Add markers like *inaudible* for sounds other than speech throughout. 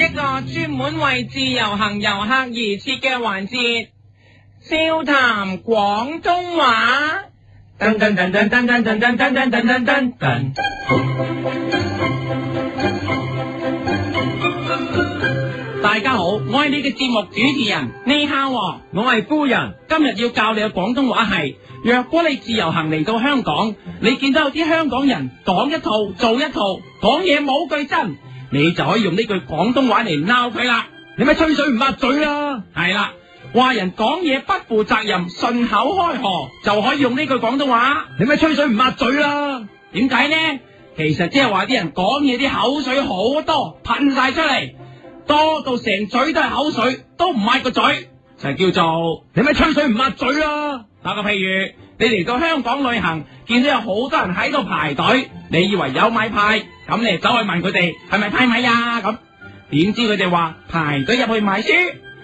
一個專門為自由行遊客而設嘅環節，笑談廣東話。大家好，我係你嘅節目主持人，呢下喎，我係夫人，今日要教你嘅廣東話係，若果你自由行嚟到香港，你見到有啲香港人講一套做一套，講嘢冇句真。你就可以用呢句廣東話嚟鬧佢啦！你咪吹水唔抹嘴啦！係啦，話人講嘢不負責任，順口開河，就可以用呢句廣東話，你咪吹水唔抹嘴啦！點解呢？其實即係話啲人講嘢啲口水好多，噴晒出嚟，多到成嘴都係口水，都唔抹個嘴，就是，叫做你咪吹水唔抹嘴啦！打個譬如，你嚟到香港旅行，見到有好多人喺度排隊，你以為有米派。咁你走去問佢哋係咪派米啊？咁點知佢哋話排隊入去買書，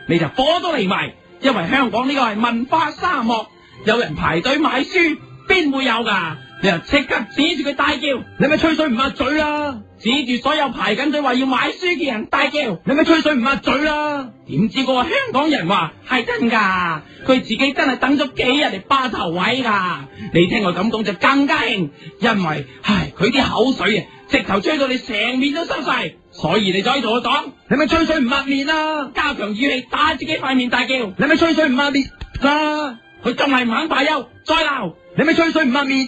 你就火都嚟埋，因為香港呢個係文化沙漠，有人排隊買書邊會有噶？你又即刻指住佢大叫，你咪吹水唔抹嘴啦、啊！指住所有排緊隊話要買書嘅人大叫：你咪吹水唔抹嘴啦！點知個香港人話係真噶，佢自己真係等咗幾日嚟霸頭位噶。你聽我咁講就更加勁，因為唉佢啲口水啊，直頭吹到你成面都濕晒，所以你再同我講，你咪吹水唔抹面啦！加強語氣打自己塊面大叫：你咪吹水唔抹面啦！佢仲係唔肯罷休，再鬧，你咪吹水唔抹面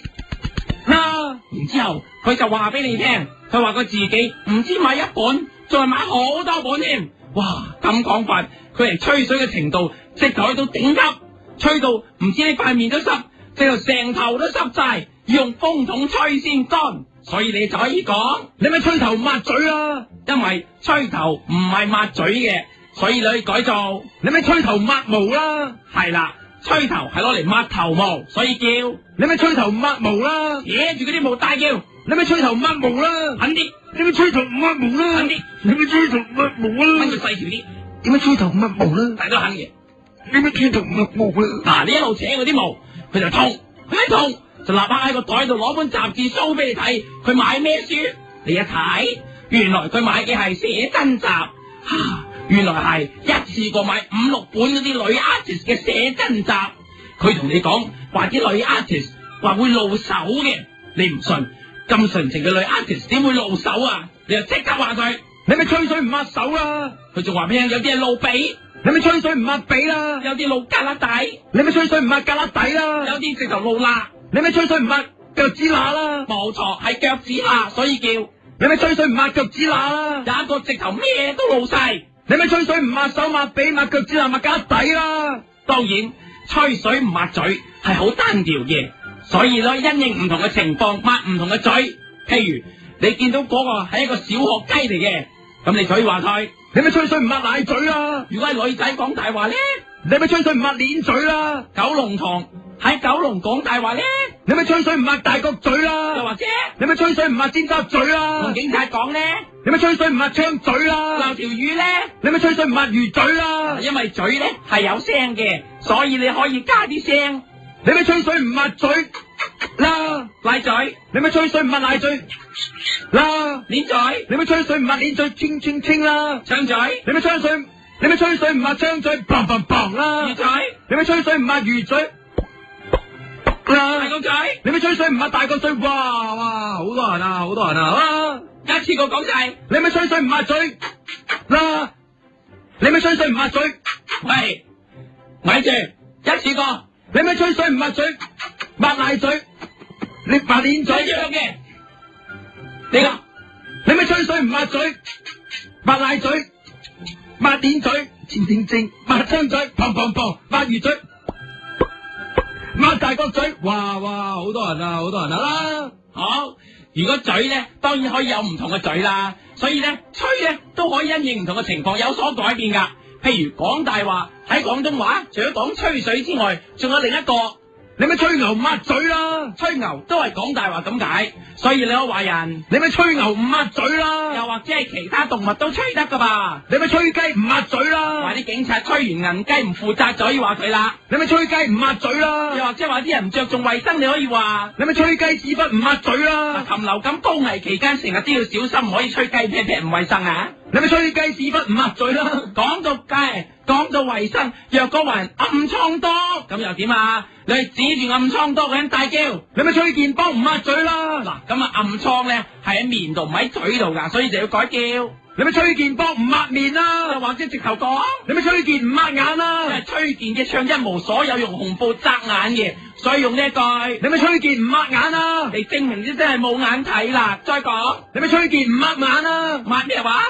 啦！啊、然之後佢就話俾你聽。佢話佢自己唔知買一本，仲係買好多本添。哇，咁講法，佢係吹水嘅程度，直頭去到頂級，吹到唔知你塊面都濕，最後成頭都濕晒，要用風筒吹先乾。所以你就可以講，你咪吹頭抹嘴啦、啊，因為吹頭唔係抹嘴嘅，所以你可以改造，你咪吹頭抹毛啦、啊。係啦，吹頭係攞嚟抹頭毛，所以叫你咪吹頭抹毛啦、啊。惹住嗰啲毛大叫。你咪吹頭乜毛啦、啊！肯啲定！你咪吹頭乜毛啦、啊！肯啲定！你咪吹頭乜毛啦、啊！等佢細條啲，點樣吹頭乜毛啦、啊？大家都肯嘅，點樣吹頭乜毛啦、啊？嗱、啊啊，你一路扯我啲毛，佢就痛，佢一痛，就，痛就立翻喺個袋度攞本雜誌 show 俾你睇，佢買咩書？你一睇，原來佢買嘅係寫真集，吓、啊，原來係一次過買五六本嗰啲女 artist 嘅寫真集。佢同你講，話啲女 artist 話會露手嘅，你唔信？咁純情嘅女 artist 點會露手啊？你又即刻話佢，你咪吹水唔抹手啦、啊。佢仲話咩？有啲嘢露髀，你咪吹水唔抹髀啦、啊。有啲露夾粒底，你咪吹水唔抹夾粒底啦、啊。有啲直頭露罅，你咪吹水唔抹腳趾罅啦。冇錯，係腳趾罅，所以叫你咪吹水唔抹腳趾罅啦。有一個直頭咩都露晒，你咪吹水唔抹手抹髀抹腳趾罅抹夾底啦、啊。當然，吹水唔抹嘴係好單調嘅。所以咧，因應唔同嘅情況，抹唔同嘅嘴。譬如你見到嗰個係一個小學雞嚟嘅，咁你所以話佢，你咪吹水唔抹奶嘴啊？如果係女仔講大話咧，你咪吹水唔抹鏈嘴啦、啊。九龍塘喺九龍講大話咧，你咪吹水唔抹大角嘴啦、啊。又或者你咪吹水唔抹尖沙咀啦。同警察講咧，你咪吹水唔抹槍嘴啦、啊。鬧條魚咧，你咪吹水唔抹魚嘴啦、啊。因為嘴咧係有聲嘅，所以你可以加啲聲。你咪吹水唔抹嘴啦，奶仔，奶嘴你咪吹水唔抹奶嘴啦，鏈仔，嘴你咪吹水唔抹鏈嘴清，清清清啦腸仔，嘴你咪吹水嘴你咪吹水唔抹腸嘴嘣嘣嘣啦，魚仔，你咪吹水唔抹魚嘴啦，大個仔，你咪吹水唔抹大個水，哇哇，好多人啊，好多人啊，啊一次過講晒，你咪吹水唔抹嘴啦，你咪吹水唔抹嘴喂，咪住，一次過。你咪吹水唔抹嘴，抹奶嘴，你抹點嘴一樣嘅。你講，這個、你咪吹水唔抹嘴，抹奶嘴，抹點嘴，正正正抹張嘴，嘭嘭嘭抹魚嘴，抹大個嘴。哇哇，好多人啊，好多人、啊、啦。好，如果嘴咧，當然可以有唔同嘅嘴啦。所以咧，吹咧都可以因應唔同嘅情況有所改變㗎。譬如講大話喺廣東話，除咗講吹水之外，仲有另一個。你咪吹牛唔抹嘴啦！吹牛都係講大話咁解，所以你可話人。你咪吹牛唔抹嘴啦！又或者係其他動物都吹得噶吧？你咪吹雞唔抹嘴啦！話啲警察吹完銀雞唔負責就要，話佢啦。你咪吹雞唔抹嘴啦！又或者話啲人唔着重衛生，你可以話。你咪吹雞屎忽唔抹嘴啦！啊，禽流感高危期間，成日都要小心，唔可以吹雞屁屁唔衛生啊！你咪吹雞屎忽唔抹嘴啦！講到雞。講到衛生，若果話暗瘡多，咁又點啊？你指住暗瘡多嗰人大叫，你咪崔健波唔抹嘴啦。嗱、啊，咁啊暗瘡咧係喺面度，唔喺嘴度噶，所以就要改叫。你咪崔健波唔抹面啦、啊，又或者直頭講，你咪崔健唔抹眼啦、啊。係崔健嘅唱一無所有，用紅布紮眼嘅，所以用呢一句，你咪崔健唔抹眼啦、啊，你證明、啊、你真係冇眼睇啦。再講，你咪崔健唔抹眼啦、啊，抹咩話、啊？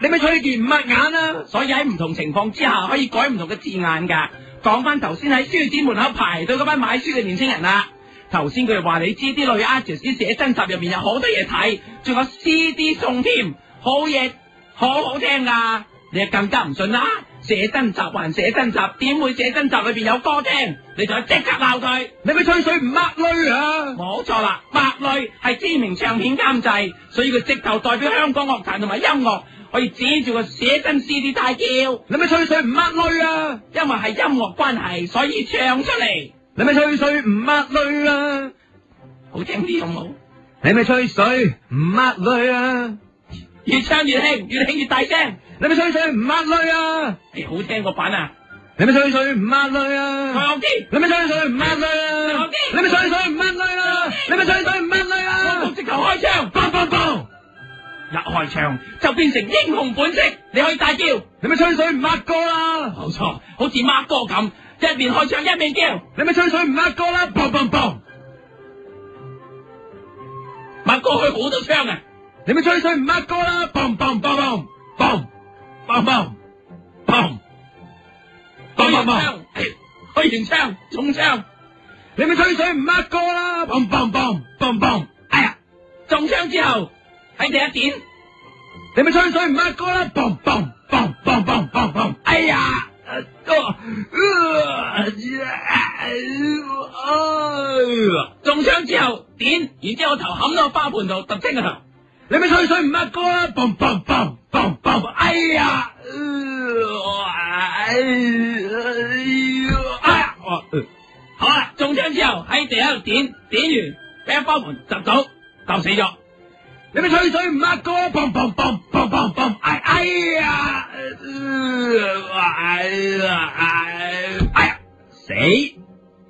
你咪吹住唔抹眼啦！所以喺唔同情況之下可以改唔同嘅字眼噶。講翻頭先喺書展門口排隊嗰班買書嘅年輕人啦、啊。頭先佢又話你知啲女 artist 寫真集入面有好多嘢睇，仲有 CD 送添，好嘢，好好聽噶。你又更加唔信啦？寫真集還寫真集，點會寫真集裏邊有歌聽？你就要即刻鬧佢，你咪吹水唔抹淚啊！冇錯啦，抹淚係知名唱片監製，所以佢直頭代表香港樂壇同埋音樂。可以指住個寫真獅啲大叫，你咪吹水唔抹咀啊！因為係音樂關係，所以唱出嚟，你咪吹水唔抹咀啊！好聽啲好唔好？你咪吹水唔抹咀啊！越唱越興，越興越大聲，你咪吹水唔抹咀啊！你好聽個版啊！你咪吹水唔抹咀啊！後邊，你咪吹水唔抹咀啊！後邊，你咪吹水唔抹咀啊！你咪吹水唔抹咀啊！我直頭開槍，嘣嘣嘣！一開場就變成英雄本色，你可以大叫，你咪吹水唔抹咀啦！冇錯錯好似馬哥咁，一邊開場一面叫，你咪吹水唔抹咀啦！嘣嘣嘣，馬哥去好多槍啊！你咪吹水唔抹咀啦！嘣嘣嘣嘣嘣嘣嘣嘣嘣嘣嘣嘣嘣嘣，開完槍， *laughs* 完槍中槍，你咪吹水唔抹咀啦！嘣嘣嘣嘣嘣，哎呀，中槍之後喺地下點，你咪吹水唔抹咀啦！嘣嘣嘣嘣嘣嘣哎呀，呃，個，啊中槍之後點，然之後頭冚到花盆度，突青個頭，你咪吹水唔抹咀啦！嘣嘣嘣嘣嘣哎呀，哎呀，哎呀，好啦，中槍之後喺地下度點，點完俾一花盆砸到，爆死咗。你咪吹水唔抹歌嘣嘣嘣嘣嘣嘣，哎、啊、哎呀，哎呀哎呀死！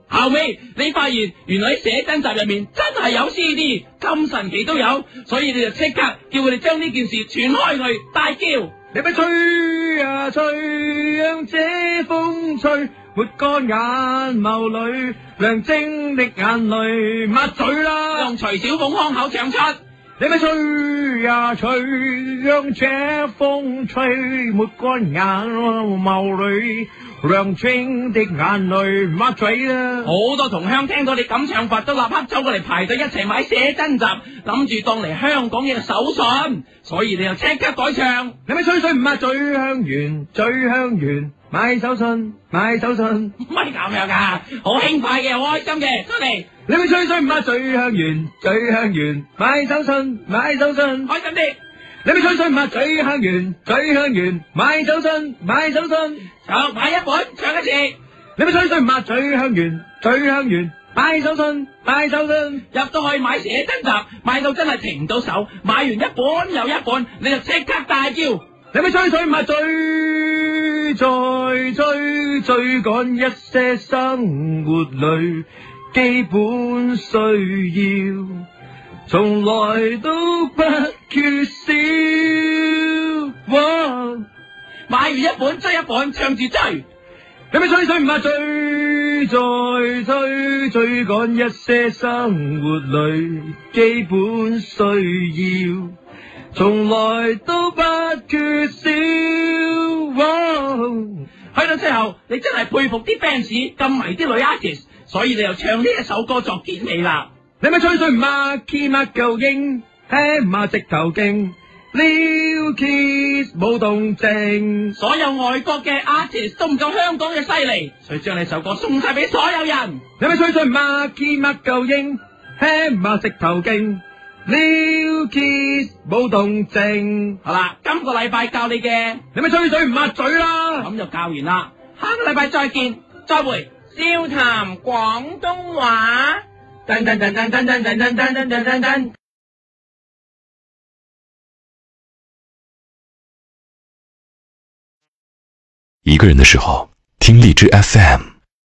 後尾你發現原來喺寫真集入面真係有 CD，咁神奇都有，所以你就即刻叫佢哋將呢件事傳開去，大叫你咪吹啊吹，讓這風吹抹乾眼眸裡亮晶的眼淚，抹嘴啦，用徐小鳳腔口唱出。你咪吹呀吹，讓這風吹抹乾眼眸淚，亮清的眼淚唔抹嘴啦、啊！好多同鄉聽到你咁唱法，都立刻走過嚟排隊一齊買寫真集，諗住當嚟香港嘅手信，所以你又即刻改唱，你咪吹水唔抹嘴，香園嘴香園，買手信買手信，唔係咁樣噶、啊，好輕快嘅，好開心嘅，出嚟。你咪吹水唔抹嘴香園，嘴香園買手信買手信開緊啲，你咪吹水唔抹嘴香園，嘴香園買手信買手信就買一本唱一次，你咪吹水唔抹嘴香園，嘴香園買手信買手信入到去買寫真集，買到真係停到手，買完一本又一本，你就即刻大叫，你咪吹水唔抹追再追追趕一些生活裏。基本需要從來都不缺少。哇！買完一本追一本，唱住追，有咩吹水唔怕追，再追，追趕一些生活裏基本需要從來都不缺少。哇！去到最後，你真係佩服啲 fans 咁迷啲女 artist。所以你又唱呢一首歌作結尾啦？你咪吹水唔抹？Keep 乜夠勁？嘿嘛直頭勁？New Kids 冇動靜。所有外國嘅 artists 都唔夠香港嘅犀利。所以將你首歌送晒俾所有人。你咪吹水唔抹？Keep 乜夠勁？嘿嘛直頭勁？New Kids 冇動靜。好啦，今個禮拜教你嘅，你咪吹水唔抹嘴啦。咁 *laughs* 就教完啦，下個禮拜再見，再會。笑談廣東話。一個人的時候，聽荔枝 FM。